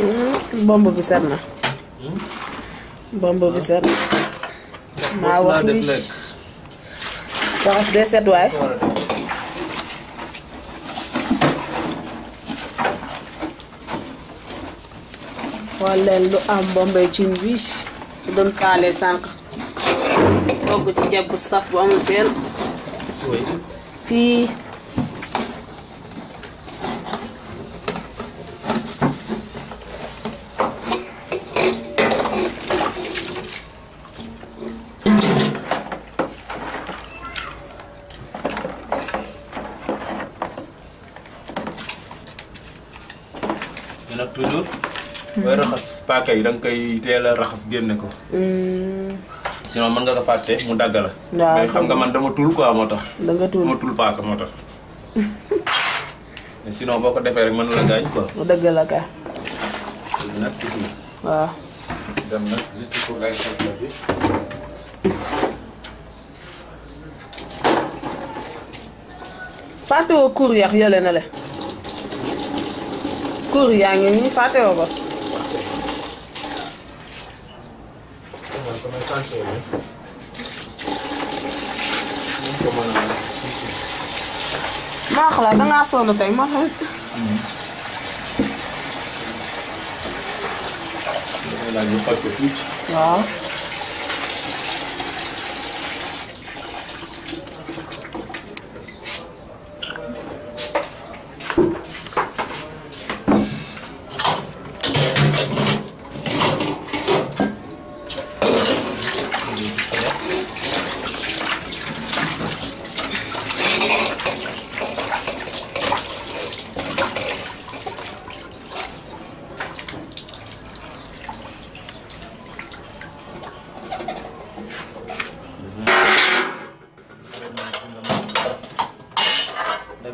Hmm? bomb bi set na. bomb bi set na. Hmm? maa wax ni raxas dee set waay. xool leen lu am bombay cin bi su doon taalee sànq togg ci ceeb saf bu amul fii toujours. booy raxas paaka yi da koy teel a raxas génne ko. Hmm. sinon mën nga ko fàtte mu dagg la. mais xam nga man dama tuul quoi moo tax. da nga tuul ma paaka moo tax. sinon boo ko defee rek mën na la gaañ quoi. mu dëgg la kay. fàtte woo kur yàq yële na le. kur yaa ngi nii fàttewoo ko. maa xalaat da ngaa sonn tey maa xalaat. não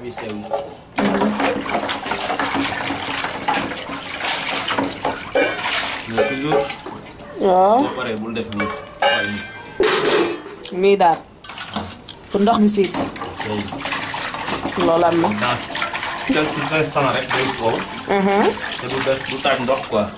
bisa seviyorum. Ne kuzu? ya, pare bul def nii waaye mii daal pour ndox mi siit loolu am na naas quelques instants rek day soow te du def ndox quoi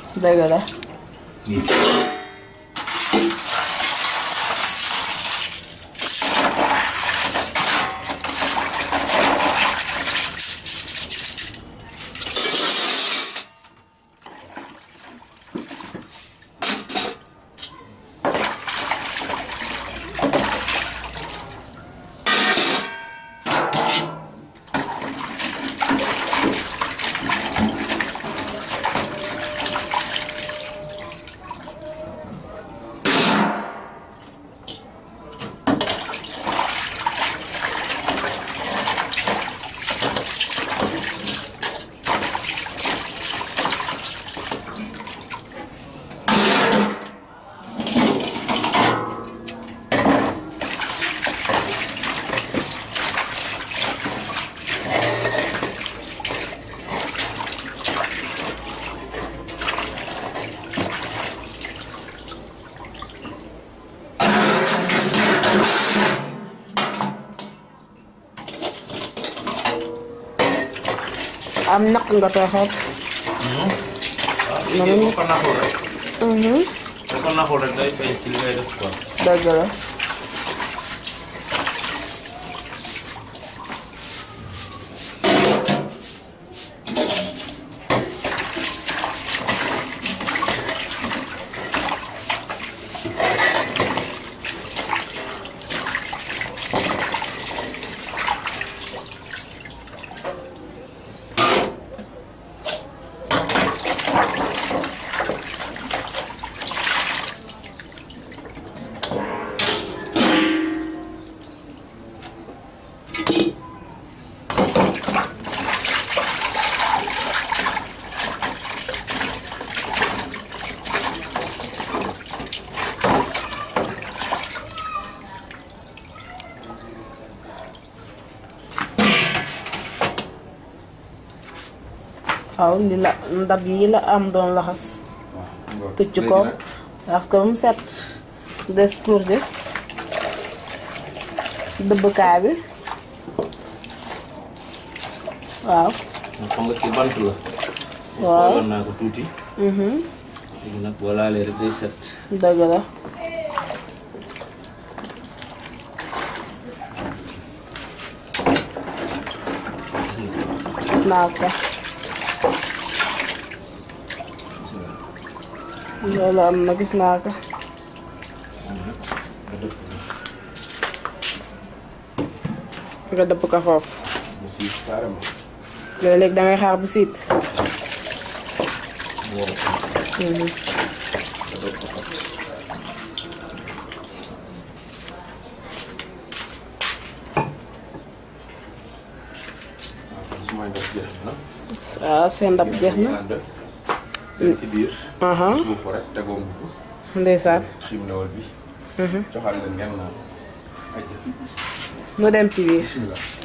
I'm not gonna go help. Mm-hmm. Mm-hmm. waaw li la ndab yi la am doon laxas tëj ko parce que ba mu set des courge dëbbkaay bi waaw xam nga ci bant la waaw xooloon naa ko tuuti léegi nag boo laalee rek loolu léegi da ngay xaar bu siit. waaw ah, seen ndab jeex na. si biir. suuf rek tegoo dem ci